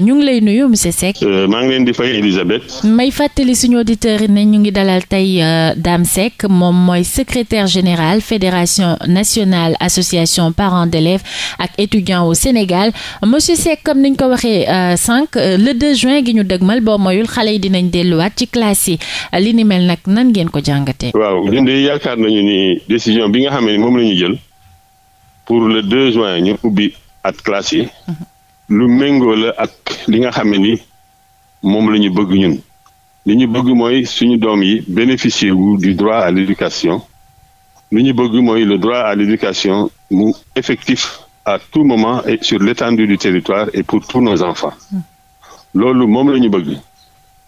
ñu ngi lay nuyu monsieur Seck. Euh, maa ngi leen di fay Elisabeth. may fàttali suñu auditeurs yi ne ñu ngi dalal tey euh, Dame Seck moom mooy secretaire général fédération nationale association parents d'élèves ak étudiants au Sénégal monsieur Seck comme niñ ko waxee euh, sànq le 2 juin gi ñu dëgmal boo moyul xale yi dinañ delluwaat ci classe yi li ni mel nag nan ngeen ko jàngatee. waaw ñun de yaakaar nañu ni décision bi nga xam ne moom la ñu jël pour le juin ñu ubbi at classe yi. Mm-hmm. lu méngoo la ak li nga xam ne ni moom la ñu bëgg ñun li ñu bëgg mooy suñu doom yi bénéficier wu du droit à l'éducation lu ñu bëgg mooy le droit à l'éducation mu effectif à tout moment et sur l'étendue du territoire et pour tous nos enfants hmm. loolu moom la ñu bëgg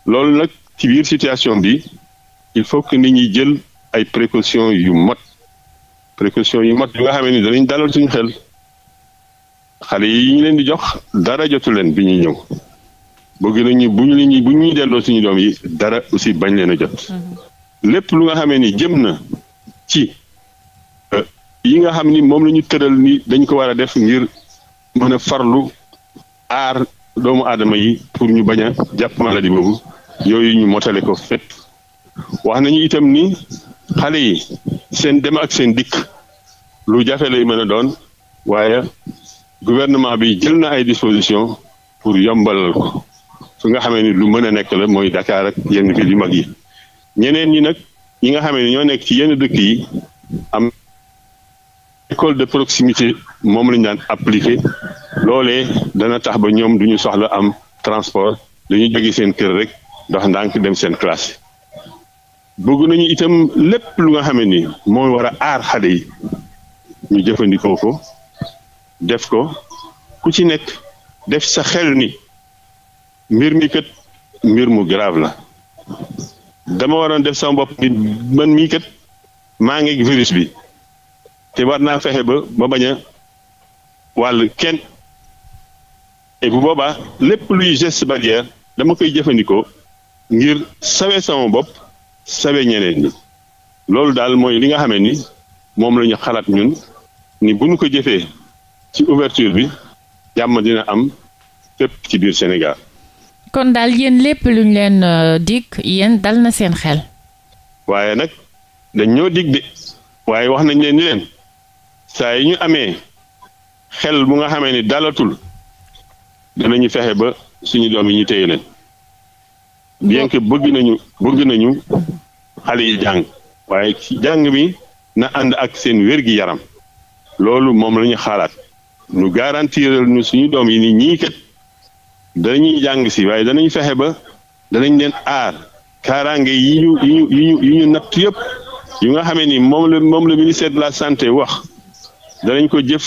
loolu nag ci biir situation bi il faut que ni ñuy jël ay précautions yu mot précautions yu mot yu nga xam ne ni danañ dalal suñu xel xale yi ñu leen di jox dara jotu leen bi ñuy ñëw bëgg nañu bu ñu leen bu ñuy delloo suñu doom yi dara aussi bañ leen a jot. Mm-hmm. lépp lu nga xamee ni jëm na ci euh, yi nga xam ni moom la ñu tëral ni dañ ko war a def ngir mën a farlu aar doomu aadama yi pour ñu bañ a jàpp maladie boobu yooyu ñu motale ko fépp. wax nañu itam ni xale yi seen dem ak seen dikk lu jafe lay mën a doon waaye gouvernement bi jël na ay dispositions pour yombalal ko su nga xamee ni lu mën a nekk la mooy Dakar ak yenn ville mag yi ñeneen ñi nag ñi nga xamee ni ñoo nekk ci yenn dëkk yi am école de proximité moom lañu daan appliqué loolee dana tax ba ñoom duñu soxla am transport dañu jóge seen kër rek dox ndànk dem seen classe bëgg nañu itam lépp lu nga xamee ni mooy war a aar xale yi ñu jëfandikoo ko def ko ku ci nekk def sa xel ni mbir mi kat mbir mu grave la dama waroon def sama bopp ni man mii kat maa ngi virus bi te war naa fexe ba ba baña a wàll kenn et bu boobaa lépp luy geste barrière dama koy jëfandikoo ngir sawe sama bopp sawe ñeneen ñi loolu daal mooy li nga xame ni moom lañu xalaat ñun ni bu ñu ko jëfee ci ouverture bi jàmm dina am fépp ci biir Sénégal. kon daal yéen lépp lu ñu leen euh, dig yéen dal na seen xel. waaye nag dañ ñoo dig de waaye wax nañ leen leen saa yi ñu amee xel bu nga xamee ni dalatul danañu fexe ba suñu doom yi ñu téye leen. bien que bëgg nañu bëgg nañu xale yi jàng waaye ci jàng bi na ànd ak seen wér-gi-yaram loolu moom la xalaat. ñu garantiral suñu doom yi ni ñii kat danañuy jàng si waaye danañ fexe ba danañ leen aar kaaraange yi ñu natt yëpp yu nga xamee ni moom leen moom la ministère de la santé wax danañ ko jëf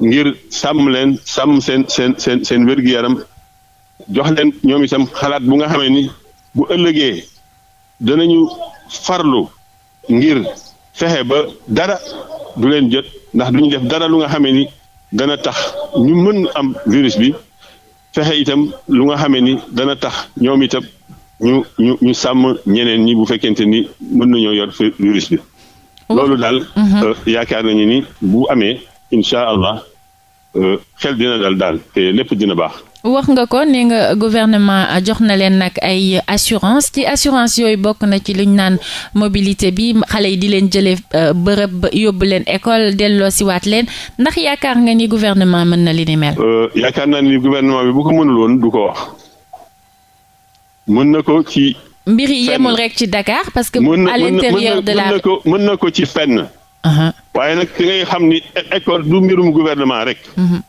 ngir sàmm leen sàmm seen seen seen seen wér yaram jox leen ñoom itam xalaat bu nga xamee ni bu ëllëgee danañu farlu ngir fexe ba dara du leen jot ndax duñu def dara lu nga xamee ni dana tax ñu mën am virus bi fexe itam lu nga xamee ni dana tax ñoom itam ñu ñu ñu sàmm ñeneen ñi bu fekkente ni mën nañoo yor virus bi. loolu daal. Mhm. Euh, yaakaar nañu ni bu amee incha allah euh, xel dina dal daal te lépp dina baax. wax nga ko nee nga gouvernement jox na leen nag ay assurance ci assurance yooyu bokk na ci li naan mobilité bi xale yi di leen jëlee euh, bërëb yóbbu leen école delloo siwaat leen ndax yaakaar nga ni gouvernement mën na li ni mel. Euh, yaakaar naa ni gouvernement bi bu ko mënul woon du ko wax mën na ko ci. mbir yi yemul rek ci dakaar parce que. à l'intérieur de la mën na ko mën na ko ci fenn. Uh-huh. waaye nag da ngay xam ni école du mbirum gouvernement rek. Uh-huh.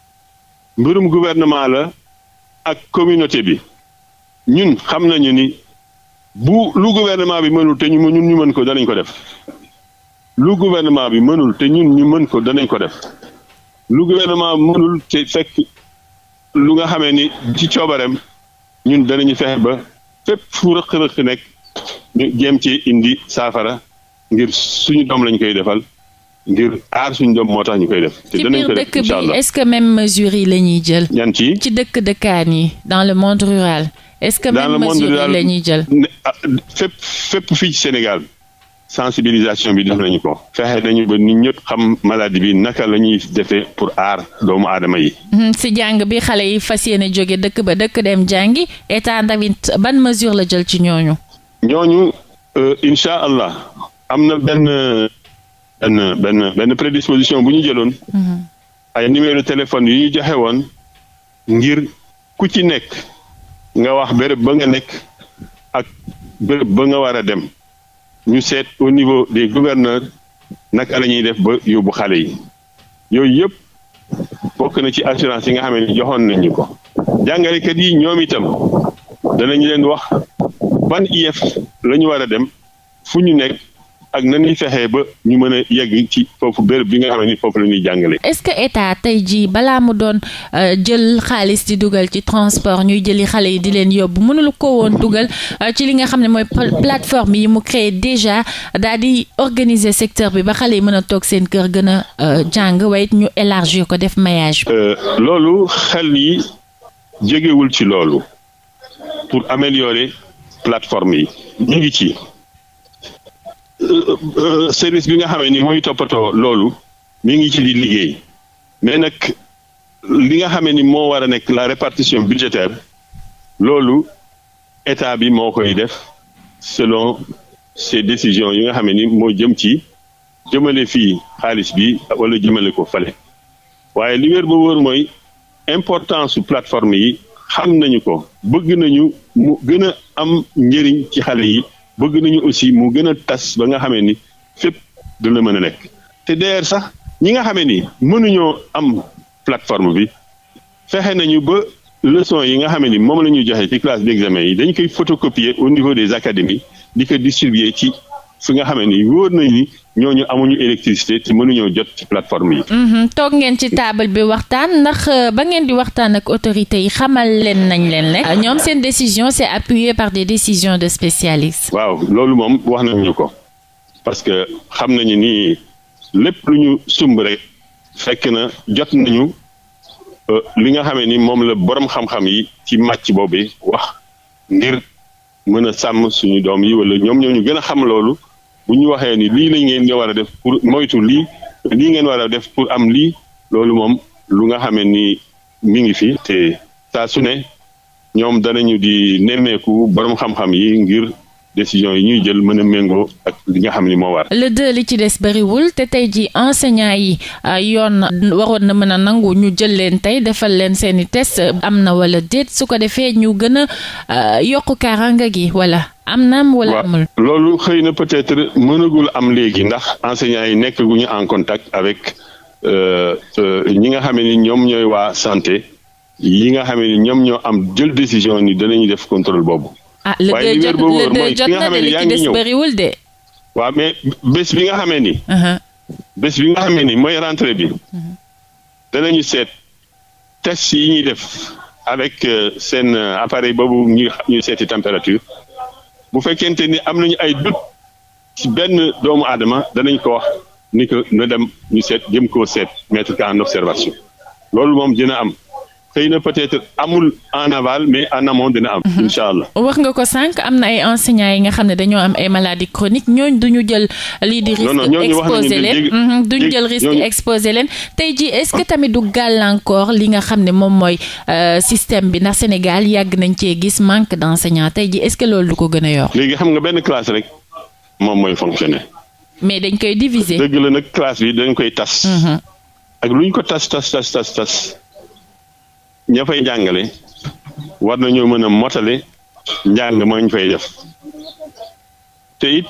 ak communauté bi ñun xam nañu ni bu lu gouvernement bi mënul te ñu ñun ñu mën ko danañ ko def lu gouvernement bi mënul te ñun ñu mën ko danañ ko def lu gouvernement mënul te fekk lu nga xamee ni ci coobareem ñun danañu fexe ba fépp fu rëq-rëq nekk ñu jéem ci indi saafara ngir suñu doom lañ koy defal ngir aar suñu doom moo tax ñu koy def. te danañ ko def ci biir dëkk bi est-ce que même mesures yi ci ci dëkk dëkkaan yi dans le monde rural. est-ce que même mesures ah, fii Sénégal sensibilisation bi def nañu ko. fexe nañu ba nit ñëpp xam maladie bi naka la ñuy defee pour aar doomu aadama yi. Hmm, si jàng bi xale yi fas yéene jóge dëkk ba dëkk dem jàngi état tamit ban mesure la jël ci ñooñu. ñooñu euh, incha allah am na benn. benn benn benn prédisposition bu ñu jëloon. Mhm. ay numéro téléphone yu ñu joxe woon ngir ku ci nekk nga wax béréb ba nga nekk ak béréb ba nga war a dem ñu seet au niveau des gouverneurs naka la ñuy def ba yóbbu xale yi yooyu yëpp bokk na ci assurance yi nga xam ni joxoon nañu ko jàngalekat yi ñoom itam danañu leen wax ban IEF lañu ñu war a dem fu ñu nekk. ak na ñuy fexee ba ñu mën a yegg ci foofu béréb bi nga xam ne foofu la ñuy jàngale. est que état tey jii balaa mu doon euh, jël xaalis di dugal ci transport ñuy jëli xale yi di leen yóbbu mënul ko woon dugal euh, ci li nga xam ne mooy plateforme yi mu créé déjà daal di organiser secteur bi ba xale yi mën a toog seen kër gën a euh, jàng waaye ñu élargir ko def mayage loolu xel yi jógewul ci loolu pour améliorer plateforme yi ñu ngi ci. service bi nga xamee ni mooy toppatoo loolu mi ngi ci di liggéey mais nag li nga xame ni moo war a nekk la répartition budgétaire loolu état bi moo koy def selon ces décisions yi nga xamee ni moo jëm ci jëmale fii xaalis bi wala jëmale ko fale waaye li wér ba wóor mooy importance su plateforme yi xam nañu ko bëgg nañu mu gën a am njëriñ ci xale yi bëgg nañu aussi mu gën a tas ba nga xamee ni fépp la mën a nekk te d'ailleurs sax ñi nga xamee ni mënuñoo am plateforme bi fexe nañu ba leçon yi nga xamee ni moom la ñuy joxe ci classe d'examen yi dañ koy photocopier au niveau des académies di ko distribuer ci fi nga xamee ni wóor nañ ni ñooñu amuñu électricité te mënuñoo jot ci plateforme yi. Mhm, toog ngeen ci taabal bi waxtaan ndax euh, ba ngeen di waxtaan ak autorités yi xamal leen nañ leen ne euh, ñoom seen décision c'est appuyé par des décisions de spécialistes. waaw loolu moom wax nañu ko parce que xam nañu ni lépp lu ñu sumb fekk na jot nañu euh, li nga xamee ni moom la borom xam-xam yi ci màcc boobu wax ngir mën a sàmm suñu doom yi wala ñoom ñoo ñu gën a xam loolu. bu ñu waxee ni lii lañ ngeen nga war a def pour moytu lii lii ngeen war a def pour am lii loolu moom lu nga xamee ni mi ngi fi te saa su ne ñoom danañu di nemmeeku borom xam-xam yi ngir décision yi ñuy jël mën a méngoo ak li nga xam ni moo war. le li ci des bariwul te tey ji enseignant yi euh, yoon waroon na mën a nangu ñu jël leen tey defal leen seeni test am na wala déet su ko defee ñu gën a euh, yokk kaaraanga gi wala. am na wala amul. loolu xëy na peut-être mënagul am léegi ndax enseignants yi nekk gu ñu en contact avec euh, euh, ñi nga xamee ni ñoom ñooy waa santé yi nga xamee ni ñoom ñoo am jël décision ni danañu def contrôle boobu. Ah, waaye li wér boobu mooy ki nga xamee ni yaa ngi ñëw waaw mais bés bi nga xamee ni. Uh-huh. bés bi nga xamee ni mooy rentrée bi. Uh-huh. danañu seet test yi ñuy def avec euh, seen appareil boobu ñu seeti température. bu fekkente ni am nañu ay dut ci benn doomu aadama danañ ko wax ni ko na dem ñu seet jëm koo seet mettre en observation loolu moom dina am xëy na peut-être amul en aval mais mhm. wax nga ko sànq am na ay enseignants yi nga xam ne dañoo am ay maladies chroniques ñooñu duñu jël lii di. risque exposé leen mhm, duñu jël risque exposé leen tey jii est-ce que tamit du gàllankoor li nga xam ne moom mooy euh, système bi ndax Sénégal yàgg nañ cee gis manque d'enseignants tey jii est-ce que loolu du ko gën a yor. léegi xam nga benn classe rek moom mooy fonctionner. mais dañ koy diviser. dëgg la nag classe bi dañ koy tas. Mhm. ak lu ñu ko tas tas tas tas tas. ña fay jàngale war nañoo mën a motale njàng mañ fay def te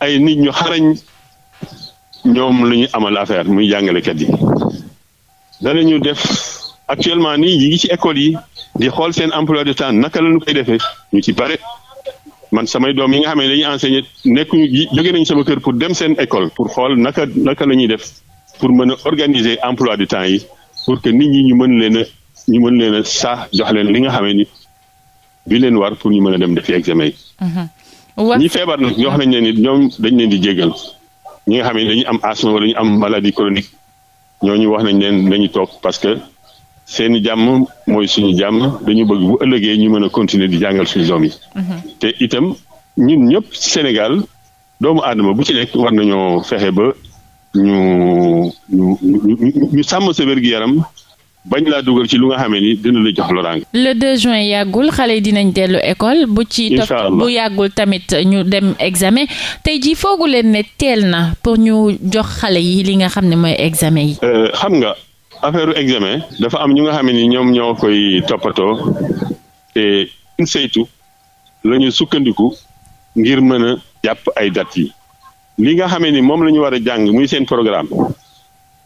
ay nit ñu xarañ ñoom la ñu amal affaire muy jàngale jàngalekat yi ñu def actuellement nii yi ngi ci école yi di xool seen emploi de temps naka lañu koy defee ñu ci bare man samay doom yi nga xam ne dañuy enseigner nekkuñu jóge nañ sama kër pour dem seen école pour xool naka naka la ñuy def pour mën a organiser emploi de temps yi pour que nit ñi ñu mën leen a ñu mën leen a saa jox leen li nga xamee ni bi leen war pour ñu mën a dem defi examen yi. Mhm. ñi feebar nag ñoo xam ne ni ñoom dañ leen di jégal ñi nga xam ne dañu am asthme wala ñu am maladie ñoo ñu wax nañ leen dañu toog parce que seeni jàmm mooy suñu jàmm dañu bëgg bu ëllëgee ñu mën a continuer di jàngal suñu doom yi. Mhm. te itam ñun ñëpp Sénégal doomu aadama bu ci nekk war nañoo fexe ba. ñu ñu sàmm sa wér yaram bañ la dugal ci lu nga xamee ni dina la jox loraange. le 2 juin yàggul xale yi dinañ dellu école. bu ci topp bu yàggul tamit ñu dem examen tey jii foogu leen ne teel na pour ñu jox xale yi li nga xam ne mooy examen yi. Euh, xam nga affaire examen dafa am ñu nga xam ni ñoom ñoo koy toppatoo te saytu la ñu sukkandiku ngir mën a jàpp ay dates yi. li nga xamee ni moom la ñu war a jàng muy seen programme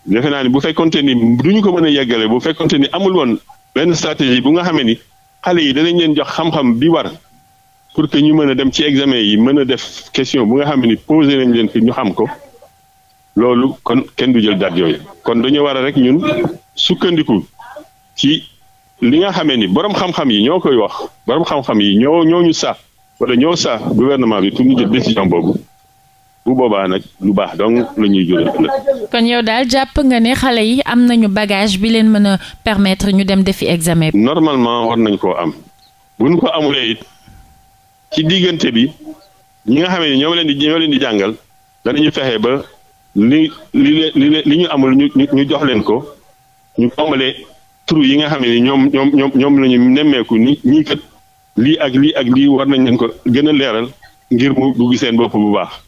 defe naa ni bu fekkonte ni du ñu ko mën a yeggale bu fekkonte ni amul woon benn stratégie bu nga xamee ni xale yi danañ leen jox xam-xam bi war pour que ñu mën a dem ci examen yi mën a def question bu nga xamee ni posé nañ leen fi ñu xam ko loolu kon kenn du jël date yooyu kon dañoo war rek ñun sukkandiku ci li nga xamee ni borom xam-xam yi ñoo koy wax borom xam-xam yi ñoo ñoo ñu sax walla ñoo saa gouvernement bi pour ñu jël décision boobu. bu boobaa nag lu baax donc la ñuy jural ëllëg. kon yow daal jàpp nga ne xale yi am nañu bagage bi leen mën a permettre ñu dem defi examen. normalement war nañ koo am bu ko amulee it ci diggante bi ñi nga xam ne ñoo leen di ñoo leen di jàngal danañu fexe ba li li li ñu amul ñu ñu jox leen ko ñu amalee trou yi nga xam ne ñoom ñoom ñoom ñoom la nemmeeku ni ñii lii ak lii ak lii war nañ leen ko gën a leeral ngir mu dugg bopp bu baax.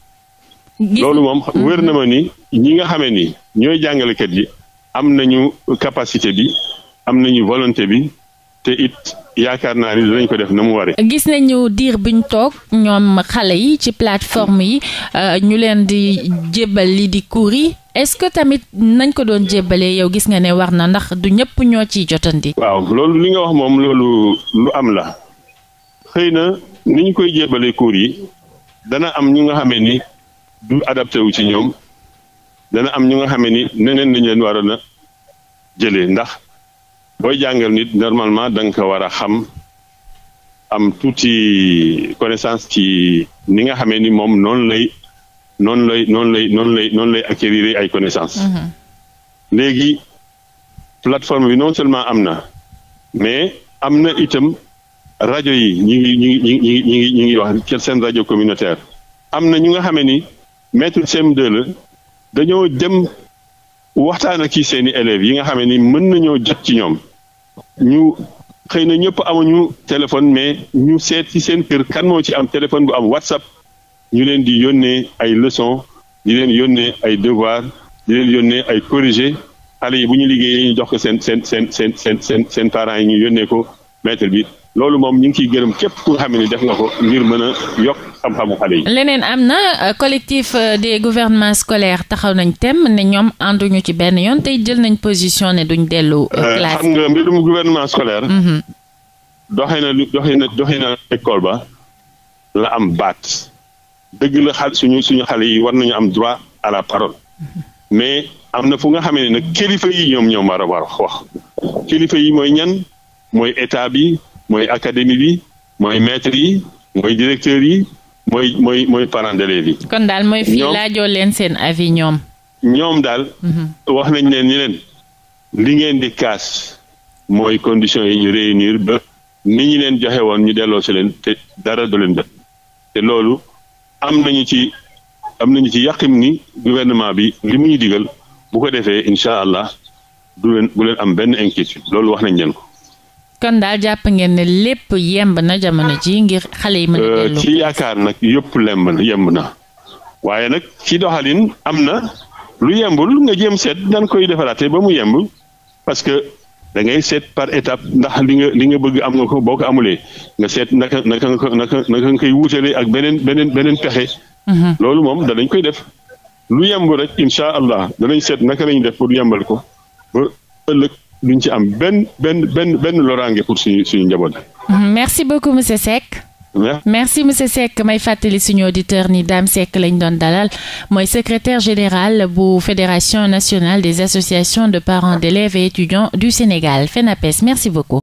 loolu moom mm-hmm. wér na ma ni ñi nga xamee ni ñooy jàngalekat yi am nañu capacité bi am nañu volonté bi te it yaakaar naa ni dinañ ko def na mu waree. gis nañu diir biñ toog ñoom xale yi ci plateforme yi euh, ñu leen di jébbal li di cours yi est-ce que tamit nañ ko doon jébbalee yow gis nga ne war na ndax du ñëpp ñoo ciy jotandi. waaw loolu li nga wax moom loolu lu am la xëy na ni ñu koy jébbalee cours yi dana am ñu nga xamee ni du adapté wu ci ñoom dana am ñu nga xamee ni neneen lañ leen waroon a jëlee ndax booy jàngal nit normalement da nga ko war a xam am tuuti connaissance ki ni nga xamee ni moom noonu lay noonu lay noonu lay noonu lay noonu lay acquérir ay connaissance mm-hmm. léegi plateforme bi non seulement am na mais am na itam rajo yi ñi ngi ñi ngi ñi ngi ñi ngi ñi ngi wax seen rajo communautaire am na ñu nga xamee ni maître CM2 la dañoo dem waxtaan ak seen i élèves yi nga xam ni mën nañoo jot ci ñoom ñu xëy na ñëpp amuñu téléphone mais ñu seet ci seen kër kan moo ci am téléphone bu am WhatsApp ñu leen di yónnee ay leçons di leen yónnee ay devoir di leen yónnee ay corrigé xale yi bu ñu liggéeyee ñu jox ko seen seen seen seen seen seen seen parents yi ñu yónnee ko maître bi. loolu moom ñu ngi ciy gërëm képp ku nga xam ni def nga ko ngir mën a yokk xam-xamu xale yi. leneen am na euh, collectif euh, des gouvernements scolaires taxaw nañ tem ne ñoom ànduñu ci benn yoon tey jël nañ position ne duñ dellu. Euh, classe xam nga mbirum gouvernement scolaire. Mm-hmm. doxee na doxee na na école ba la am baat dëgg la xal suñu suñu xale yi war nañu am droit à la parole mm-hmm. mais am na fu nga xamee ne nag kilifa yi ñoom ñoom war a war wax kilifa yi mooy ñan mooy état bi. mooy académie bi mooy maître yi mooy directeur yi mooy mooy mooy parents d'élèves yi. kon daal mooy fii laajoo leen seen avis ñoom. ñoom daal. Mhm. wax nañ leen ni leen li ngeen di kaas mooy conditions yi ñu réunir ba nit ñi leen joxe woon ñu delloo si leen te dara du leen def te loolu am nañu ci am nañu ci yàqim ni gouvernement bi li mu ñu digal bu ko defee incha allah du leen bu leen am benn inquiétude loolu wax nañ leen ko. kon daal jàpp ngeen ne lépp yemb na jamono ji ngir xale yi mën a euh, dellu ci yaakaar nag yëpp lemb na yemb na waaye nag ci doxalin am na lu yembul nga jéem seet nan koy defaraate ba mu yemb parce que dangay seet par étape ndax li nga li nga bëgg am nga ko boo ko amulee nga seet na naka nga ko naka naka nga koy wuutalee ak beneen beneen beneen pexe. Mhm. loolu moom danañ koy def lu yemb rek incha allah seet naka lañ def pour yembal ko ba ëllëg. duñ ci am benn benn benn benn loraange mhm. merci beaucoup monsieur Seck. merci monsieur Seck may fàttali suñu auditeur ni Dame Seck lañ doon dalal mooy secrétaire général bu fédération nationale des associations de parents d'élèves et étudiants du Sénégal FENAPES merci beaucoup.